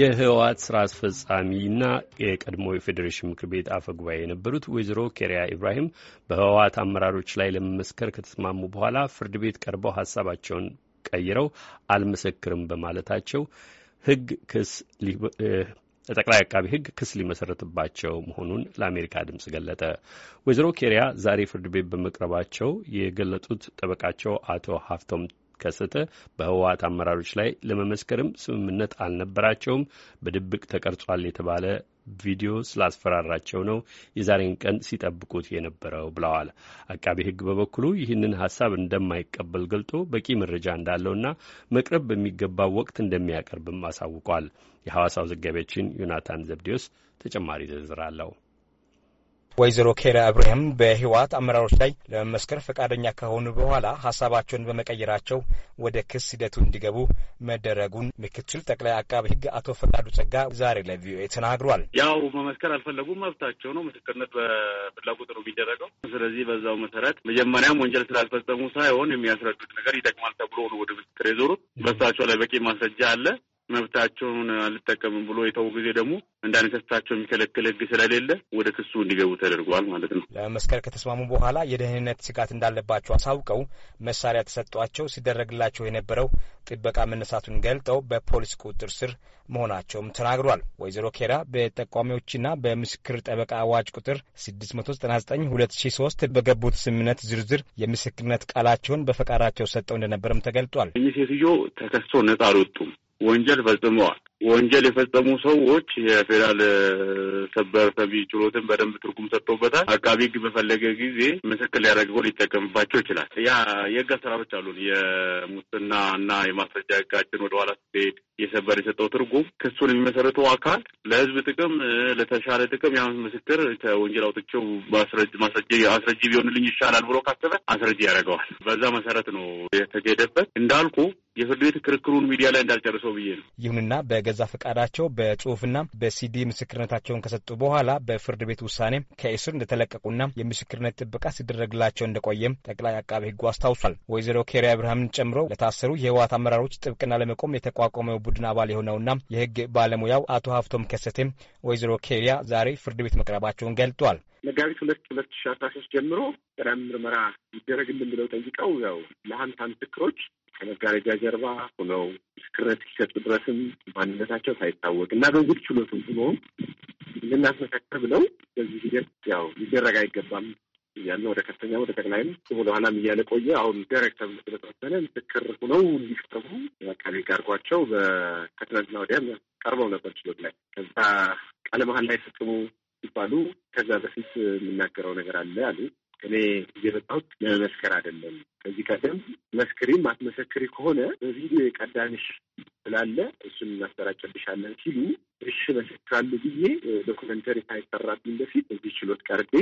የህወሓት ስራ አስፈጻሚና የቀድሞ የፌዴሬሽን ምክር ቤት አፈ ጉባኤ የነበሩት ወይዘሮ ኬሪያ ኢብራሂም በህወሓት አመራሮች ላይ ለመመስከር ከተስማሙ በኋላ ፍርድ ቤት ቀርበው ሀሳባቸውን ቀይረው አልመሰክርም በማለታቸው ህግ ክስ ጠቅላይ አቃቢ ህግ ክስ ሊመሰረትባቸው መሆኑን ለአሜሪካ ድምጽ ገለጠ። ወይዘሮ ኬሪያ ዛሬ ፍርድ ቤት በመቅረባቸው የገለጡት ጠበቃቸው አቶ ሀፍቶም ከሰተ በህወሀት አመራሮች ላይ ለመመስከርም ስምምነት አልነበራቸውም፣ በድብቅ ተቀርጿል የተባለ ቪዲዮ ስላስፈራራቸው ነው የዛሬን ቀን ሲጠብቁት የነበረው ብለዋል። አቃቢ ህግ በበኩሉ ይህንን ሀሳብ እንደማይቀበል ገልጦ በቂ መረጃ እንዳለውና መቅረብ በሚገባው ወቅት እንደሚያቀርብም አሳውቋል። የሐዋሳው ዘጋቢያችን ዮናታን ዘብዴዎስ ተጨማሪ ዝርዝር አለው። ወይዘሮ ኬሪያ ኢብራሂም በህወሓት አመራሮች ላይ ለመመስከር ፈቃደኛ ከሆኑ በኋላ ሀሳባቸውን በመቀየራቸው ወደ ክስ ሂደቱ እንዲገቡ መደረጉን ምክትል ጠቅላይ አቃቢ ህግ አቶ ፈቃዱ ጸጋ ዛሬ ለቪኦኤ ተናግሯል። ያው መመስከር አልፈለጉም፣ መብታቸው ነው። ምስክርነት በፍላጎት ነው የሚደረገው። ስለዚህ በዛው መሰረት መጀመሪያም ወንጀል ስላልፈጸሙ ሳይሆን የሚያስረዱት ነገር ይጠቅማል ተብሎ ነው ወደ ምስክር የዞሩት። በሳቸው ላይ በቂ ማስረጃ አለ። መብታቸውን አልጠቀምም ብሎ የተው ጊዜ ደግሞ እንዳነሳሳቸው የሚከለክል ህግ ስለሌለ ወደ ክሱ እንዲገቡ ተደርጓል ማለት ነው። ለመስከር ከተስማሙ በኋላ የደህንነት ስጋት እንዳለባቸው አሳውቀው መሳሪያ ተሰጧቸው ሲደረግላቸው የነበረው ጥበቃ መነሳቱን ገልጠው በፖሊስ ቁጥጥር ስር መሆናቸውም ተናግሯል። ወይዘሮ ኬራ በጠቋሚዎችና በምስክር ጠበቃ አዋጅ ቁጥር 699/2003 በገቡት ስምምነት ዝርዝር የምስክርነት ቃላቸውን በፈቃዳቸው ሰጠው እንደነበረም ተገልጧል። እኚህ ሴትዮ ተከሶ ነጻ አልወጡም። ወንጀል ፈጽመዋል። ወንጀል የፈጸሙ ሰዎች የፌዴራል ሰበር ሰሚ ችሎትን በደንብ ትርጉም ሰጥቶበታል። አቃቢ ሕግ በፈለገ ጊዜ ምስክር ሊያደርገው ሊጠቀምባቸው ይችላል። ያ የህግ አሰራሮች አሉን። የሙስና እና የማስረጃ ህጋችን ወደ ኋላ ስትሄድ የሰበር የሰጠው ትርጉም ክሱን የሚመሰረተው አካል ለህዝብ ጥቅም ለተሻለ ጥቅም ያን ምስክር ከወንጀል አውጥቼው አስረጂ ቢሆንልኝ ይሻላል ብሎ ካሰበ አስረጂ ያደርገዋል። በዛ መሰረት ነው የተካሄደበት እንዳልኩ የፍርድ ቤት ክርክሩን ሚዲያ ላይ እንዳልጨርሰው ብዬ ነው። ይሁንና በገዛ ፈቃዳቸው በጽሁፍና በሲዲ ምስክርነታቸውን ከሰጡ በኋላ በፍርድ ቤት ውሳኔ ከእስር እንደተለቀቁና የምስክርነት ጥበቃ ሲደረግላቸው እንደቆየም ጠቅላይ አቃቤ ሕጉ አስታውሷል። ወይዘሮ ኬሪያ አብርሃምን ጨምሮ ለታሰሩ የህወሓት አመራሮች ጥብቅና ለመቆም የተቋቋመው ቡድን አባል የሆነውና የህግ ባለሙያው አቶ ሀብቶም ከሰቴም ወይዘሮ ኬሪያ ዛሬ ፍርድ ቤት መቅረባቸውን ገልጧል። መጋቢት ሁለት ሁለት ሺ አስራ ሶስት ጀምሮ ቀዳሚ ምርመራ ይደረግልን ብለው ጠይቀው ያው ለሀምታም ምስክሮች ከመጋረጃ ጀርባ ሆነው ምስክርነት ሲሰጡ ድረስም ማንነታቸው ሳይታወቅ እና በዝግ ችሎትም ሆኖ ልናስመሰክር ብለው በዚህ ሂደት ያው ሊደረግ አይገባም እያለ ወደ ከፍተኛ ወደ ጠቅላይም ወደ ኋላም እያለ ቆየ። አሁን ዳይሬክተር ስለተወሰነ ምስክር ሆነው እንዲቀርቡ አካባቢ ጋርጓቸው በከትናንትና ወዲያም ቀርበው ነበር ችሎት ላይ። ከዛ ቃለ መሀል ላይ ፈጽሙ ሲባሉ ከዛ በፊት የምናገረው ነገር አለ አሉ እኔ የመጣሁት መመስከር አይደለም። ከዚህ ቀደም መስክሪም ማትመሰክሪ ከሆነ በቪዲዮ የቀዳንሽ ስላለ እሱን እናሰራጨብሻለን ሲሉ እሺ መሰክራሉ ብዬ ዶኩመንተሪ ሳይሰራብኝ በፊት እዚህ ችሎት ቀርቤ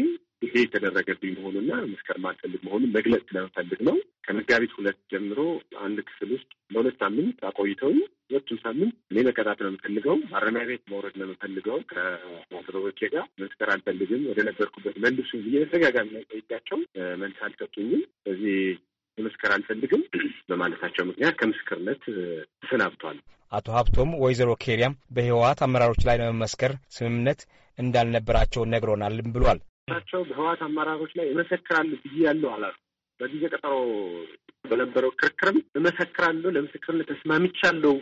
ይሄ የተደረገብኝ መሆኑና መስከር ማልፈልግ መሆኑን መግለጽ ስለምፈልግ ነው። ከመጋቢት ሁለት ጀምሮ አንድ ክፍል ውስጥ ለሁለት ሳምንት አቆይተውኝ ሁለቱም ሳምንት እኔ መቀጣት ነው የምፈልገው፣ ማረሚያ ቤት መውረድ ነው የምፈልገው፣ ከማስረቦቼ ጋር መስከር አልፈልግም፣ ወደ ነበርኩበት መልሱ ብዬ በተደጋጋሚ ላይ መልስ አልሰጡኝም። በዚህ መስከር አልፈልግም በማለታቸው ምክንያት ከምስክርነት ተሰናብቷል። አቶ ሀብቶም ወይዘሮ ኬሪያም በህወሀት አመራሮች ላይ ለመመስከር ስምምነት እንዳልነበራቸው ነግሮናልም ብሏል። እሳቸው በህዋት አመራሮች ላይ እመሰክራለሁ ብዬ ያለው አላሉ። በጊዜ ቀጠሮ በነበረው ክርክርም እመሰክራለሁ ለምስክርነት ተስማምቻለሁ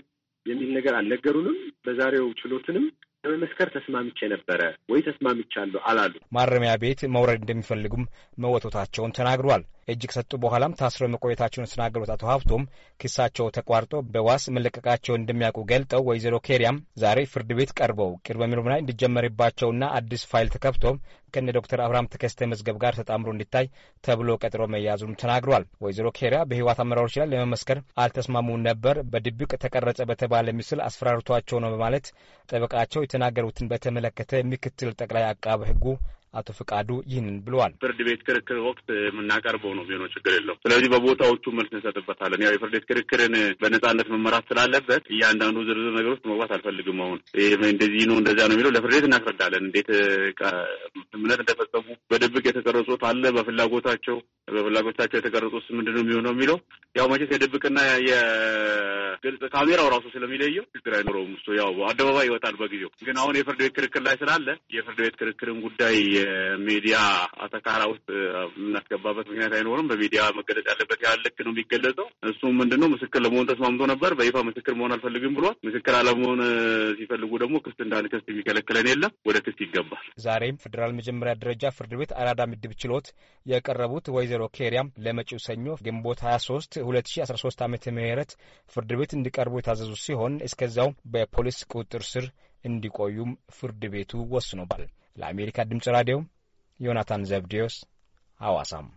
የሚል ነገር አልነገሩንም። በዛሬው ችሎትንም ለመመስከር ተስማምቼ ነበረ ወይ ተስማምቻለሁ አላሉ። ማረሚያ ቤት መውረድ እንደሚፈልጉም መወቶታቸውን ተናግሯል። እጅ ከሰጡ በኋላም ታስረው መቆየታቸውን የተናገሩት አቶ ሀብቶም ክሳቸው ተቋርጦ በዋስ መለቀቃቸውን እንደሚያውቁ ገልጠው ወይዘሮ ኬሪያም ዛሬ ፍርድ ቤት ቀርበው ቅድመ ምርመራ እንዲጀመርባቸውና አዲስ ፋይል ተከፍቶ ከነ ዶክተር አብርሃም ተከስተ መዝገብ ጋር ተጣምሮ እንዲታይ ተብሎ ቀጥሮ መያዙም ተናግሯል። ወይዘሮ ኬሪያ በህይወት አመራሮች ላይ ለመመስከር አልተስማሙም ነበር፣ በድብቅ ተቀረጸ በተባለ ምስል አስፈራርቷቸው ነው በማለት ጠበቃቸው የተናገሩትን በተመለከተ ምክትል ጠቅላይ አቃቤ ህጉ አቶ ፍቃዱ ይህንን ብለዋል። ፍርድ ቤት ክርክር ወቅት የምናቀርበው ነው ቢሆነው ችግር የለው ስለዚህ በቦታዎቹ መልስ እንሰጥበታለን። ያው የፍርድ ቤት ክርክርን በነጻነት መመራት ስላለበት እያንዳንዱ ዝርዝር ነገር ውስጥ መግባት አልፈልግም። አሁን እንደዚህ ነው እንደዚያ ነው የሚለው ለፍርድ ቤት እናስረዳለን። እንዴት እምነት እንደፈጸሙ በድብቅ የተቀረጹት አለ፣ በፍላጎታቸው በፍላጎታቸው የተቀረጹት ምንድን ነው የሚሆነው የሚለው ያው መቼስ የድብቅና የግልጽ ካሜራው ራሱ ስለሚለየው ችግር አይኖረውም። እሱ ያው አደባባይ ይወጣል በጊዜው። ግን አሁን የፍርድ ቤት ክርክር ላይ ስላለ የፍርድ ቤት ክርክርን ጉዳይ የሚዲያ አተካራ ውስጥ የምናስገባበት ምክንያት አይኖርም። በሚዲያ መገለጽ ያለበት ያህል ልክ ነው የሚገለጸው። እሱም ምንድነው ነው ምስክር ለመሆን ተስማምቶ ነበር። በይፋ ምስክር መሆን አልፈልግም ብሏል። ምስክር አለመሆን ሲፈልጉ ደግሞ ክስት እንዳን ክስት የሚከለክለን የለም። ወደ ክስት ይገባል። ዛሬም ፌዴራል መጀመሪያ ደረጃ ፍርድ ቤት አራዳ ምድብ ችሎት የቀረቡት ወይዘሮ ኬሪያም ለመጪው ሰኞ ግንቦት ሀያ ሶስት 2013 ዓ ም ፍርድ ቤት እንዲቀርቡ የታዘዙ ሲሆን እስከዚያው በፖሊስ ቁጥጥር ስር እንዲቆዩም ፍርድ ቤቱ ወስኖባል። ለአሜሪካ ድምፅ ራዲዮ ዮናታን ዘብዲዮስ አዋሳም።